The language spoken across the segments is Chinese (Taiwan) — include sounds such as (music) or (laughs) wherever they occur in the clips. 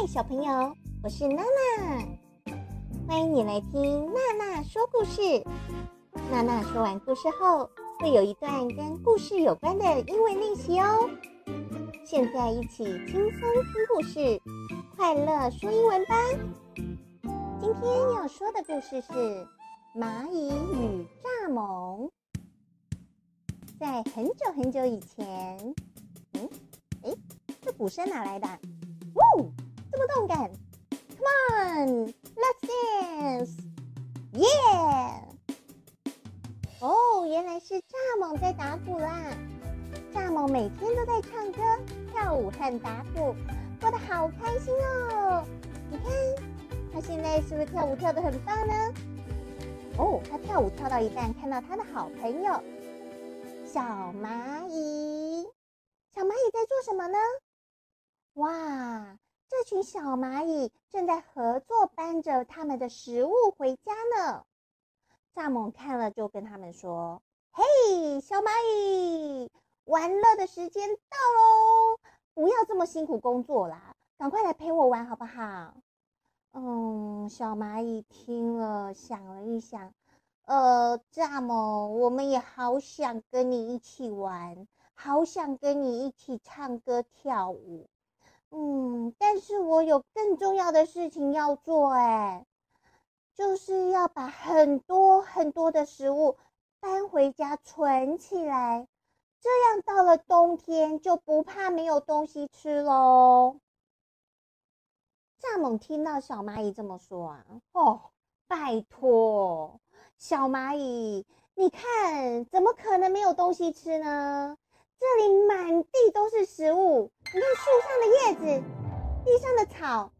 嗨，小朋友，我是娜娜，歡迎你來聽娜娜說故事。娜娜說完故事後，會有一段跟故事有關的英文練習哦。現在一起輕鬆聽故事，快樂說英文吧。今天要說的故事是《螞蟻與蚱蜢》。在很久很久以前，嗯，誒，這鼓聲哪來的？嗚、哦。這麼動感，Come on，Let's dance，y、yeah! e、oh, 耶！哦，原來是蚱蜢在打鼓啦。蚱蜢每天都在唱歌、跳舞和打鼓，過得好開心哦。你看，它現在是不是跳舞跳得很棒呢？哦，它跳舞跳到一半，看到它的好朋友小螞蟻。小螞蟻在做什麼呢？哇！這群小螞蟻正在合作搬着他們的食物回家呢。蚱蜢看了就跟他們說：“嘿，小螞蟻，玩樂的時間到咯，不要這麼辛苦工作啦，趕快來陪我玩好不好？”嗯，小螞蟻聽了想了一想，呃，蚱蜢，我們也好想跟你一起玩，好想跟你一起唱歌跳舞。嗯，但是我有更重要的事情要做欸，就是要把很多很多的食物搬回家存起來，這樣到了冬天就不怕沒有東西吃嘍。蚱蜢聽到小螞蟻這麼說啊，哦，拜托，小螞蟻，你看，怎麼可能沒有東西吃呢？這裡滿地都是食物。你看樹上的葉子，地上的草，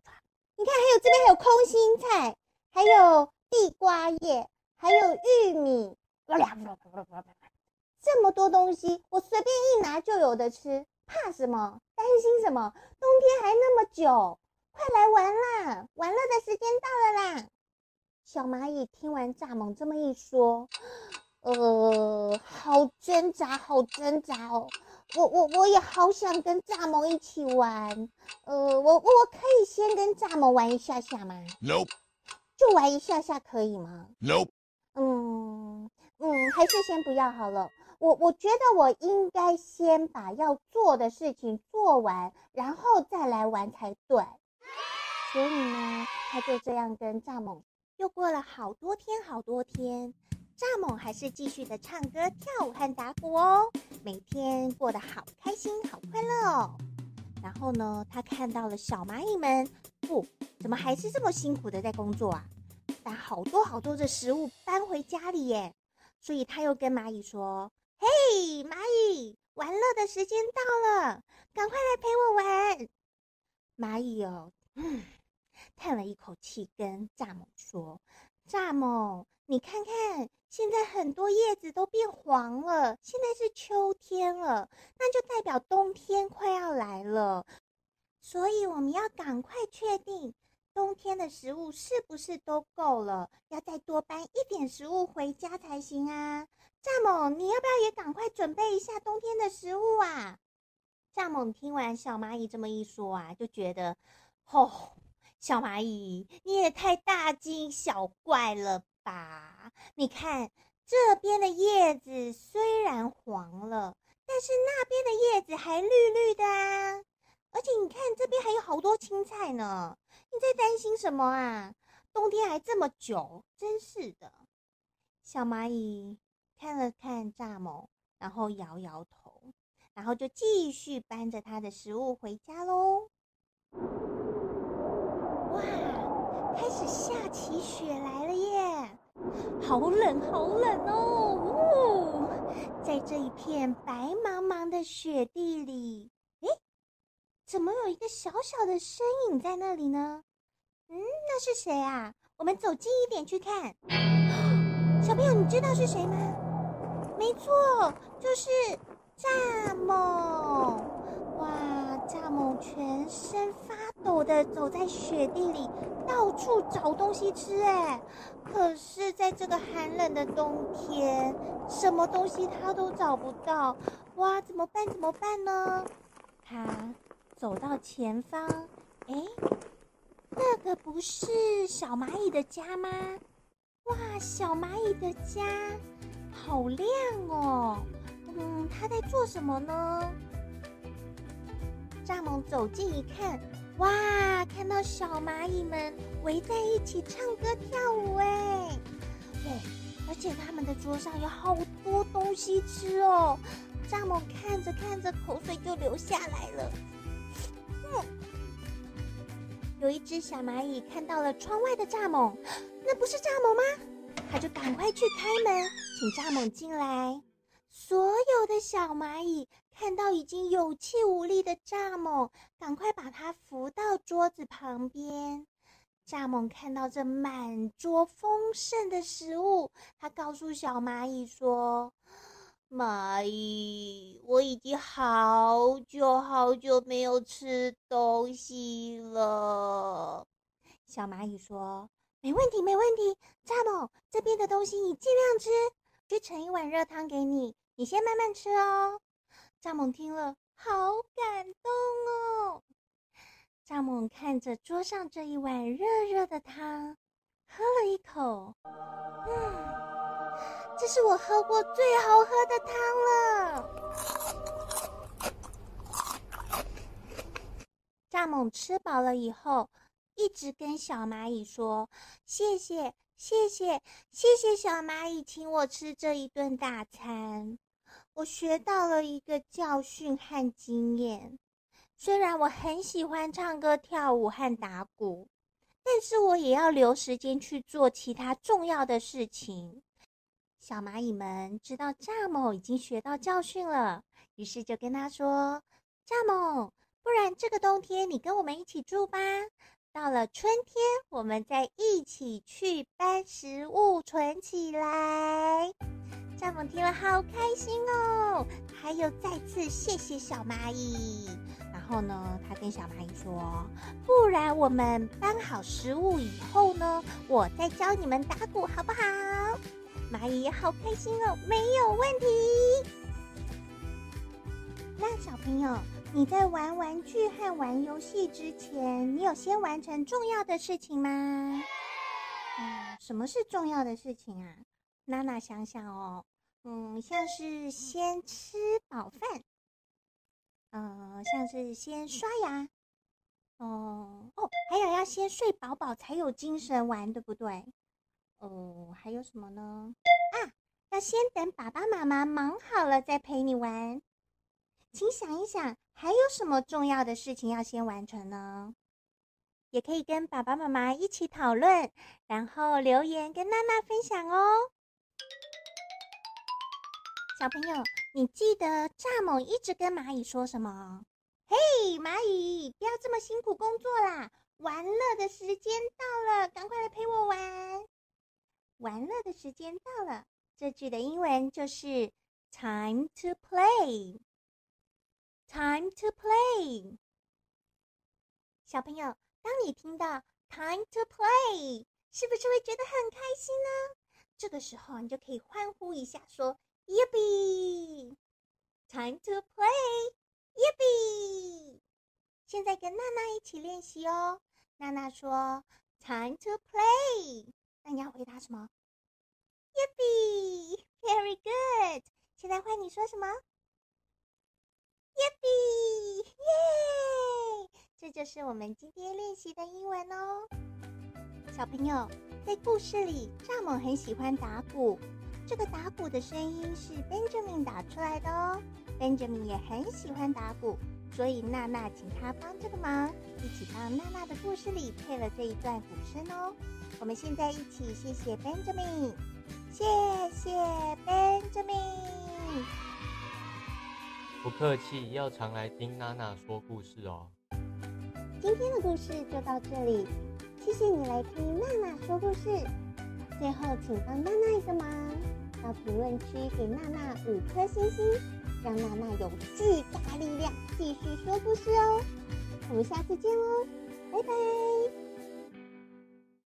你看還有這邊還有空心菜，還有地瓜葉，還有玉米， (laughs) 這麼多東西，我隨便一拿就有的吃，怕什麼？擔心什麼？冬天還那麼久，快來玩啦！玩樂的時間到了啦！小螞蟻聽完蚱蜢這麼一說，呃，好掙扎，好掙扎哦。我我我也好想跟蚱蜢一起玩，呃，我我我可以先跟蚱蜢玩一下下嗎？Nope，欸，就玩一下下可以嗎？Nope，欸，嗯嗯，還是先不要好了。我我覺得我應該先把要做的事情做完，然後再來玩才對。所以呢，他就這樣跟蚱蜢又過了好多天好多天。蚱蜢還是繼續的唱歌、跳舞和打鼓哦，每天過得好開心、好快樂哦。然後呢，他看到了小螞蟻們，不、哦，怎麼還是這麼辛苦的在工作啊？把好多好多的食物搬回家裡耶。所以他又跟螞蟻說：“嘿，螞蟻，玩樂的時間到了，趕快來陪我玩。”螞蟻哦，嗯，嘆了一口氣，跟蚱蜢說：“蚱蜢。”你看看，現在很多葉子都變黃了，現在是秋天了，那就代表冬天快要來了，所以我們要趕快確定冬天的食物是不是都夠了，要再多搬一點食物回家才行啊！蚱蜢，你要不要也趕快準備一下冬天的食物啊？蚱蜢聽完小螞蟻這麼一說啊，就覺得，吼、哦，小螞蟻，你也太大驚小怪了。吧，你看這邊的葉子雖然黃了，但是那邊的葉子還綠綠的啊！而且你看這邊還有好多青菜呢，你在擔心什麼啊？冬天還這麼久，真是的。小螞蟻看了看蚱蜢，然後搖搖頭，然後就繼續搬着它的食物回家嘍。好冷，好冷哦！哦，在這一片白茫茫的雪地裡，誒，怎麼有一個小小的身影在那裡呢？嗯，那是誰啊？我們走近一點去看。小朋友，你知道是誰嗎？沒錯，就是蚱蜢。哇！蚱蜢全身發抖的走在雪地裡，到處找東西吃。哎，可是在這個寒冷的冬天，什麼東西他都找不到。哇，怎麼辦？怎麼辦呢？他走到前方，哎、欸，那個不是小螞蟻的家嗎？哇，小螞蟻的家好亮哦。嗯，他在做什麼呢？蚱蜢走近一看，哇，看到小螞蟻們圍在一起唱歌跳舞，哎，對，而且他們的桌上有好多東西吃哦。蚱蜢看着看着，口水就流下來了。嗯，有一只小螞蟻看到了窗外的蚱蜢，那不是蚱蜢嗎？它就趕快去開門，請蚱蜢進來。所有的小螞蟻。看到已經有氣無力的蚱蜢，趕快把它扶到桌子旁邊。蚱蜢看到這滿桌豐盛的食物，他告訴小螞蟻說：“螞蟻，我已經好久好久沒有吃東西了。”小螞蟻說：“沒問題，沒問題。蚱蜢，這邊的東西你儘量吃，我去盛一碗熱湯給你，你先慢慢吃哦。”蚱蜢聽了，好感動哦！蚱蜢看着桌上這一碗熱熱的湯，喝了一口，嗯，這是我喝過最好喝的湯了。蚱蜢吃飽了以後，一直跟小螞蟻說：“謝謝，謝謝，謝謝小螞蟻請我吃這一頓大餐。”我學到了一個教訓和經驗，雖然我很喜歡唱歌、跳舞和打鼓，但是我也要留時間去做其他重要的事情。小螞蟻們知道蚱蜢已經學到教訓了，於是就跟他說：“蚱蜢，不然這個冬天你跟我們一起住吧。到了春天，我們再一起去搬食物存起來。”蚱蜢聽了好開心哦，還有再次謝謝小螞蟻。然後呢，他跟小螞蟻說：“不然我們搬好食物以後呢，我再教你們打鼓好不好？”螞蟻好開心哦，沒有問題。那小朋友，你在玩玩具和玩遊戲之前，你有先完成重要的事情嗎？啊、嗯，什麼是重要的事情啊？娜娜想想哦。嗯，像是先吃飽飯，嗯、呃，像是先刷牙，哦、嗯、哦，還有要先睡飽飽才有精神玩，對不對？哦，還有什麼呢？啊，要先等爸爸媽媽忙好了再陪你玩，請想一想，還有什麼重要的事情要先完成呢？也可以跟爸爸媽媽一起討論，然後留言跟娜娜分享哦。小朋友，你記得蚱蜢一直跟螞蟻說什麼？嘿，Hey，螞蟻，不要這麼辛苦工作啦，玩樂的時間到了，趕快來陪我玩！玩樂的時間到了，這句的英文就是 “Time to play”。Time to play。小朋友，當你聽到 “Time to play”，是不是會覺得很開心呢？這個時候，你就可以歡呼一下，說。Yippee! Time to play! Yippee! 現在跟娜娜一起練習哦。娜娜說：“Time to play。”那你要回答什麼？Yippee! Very good! 現在換你說什麼？Yippee! 耶這就是我們今天練習的英文哦。小朋友，在故事裡，蚱蜢很喜歡打鼓。這個打鼓的聲音是 Benjamin 打出來的哦。Benjamin 也很喜歡打鼓，所以娜娜請他幫這個忙，一起幫娜娜的故事裡配了這一段鼓聲哦。我們現在一起謝謝 Benjamin，謝謝 Benjamin。不客氣，要常來聽娜娜說故事哦。今天的故事就到這裡，謝謝你來聽娜娜說故事。最後，請幫娜娜一個忙。到評論區給娜娜五顆星星，讓娜娜有巨大力量繼續說故事哦！我們下次見哦，拜拜。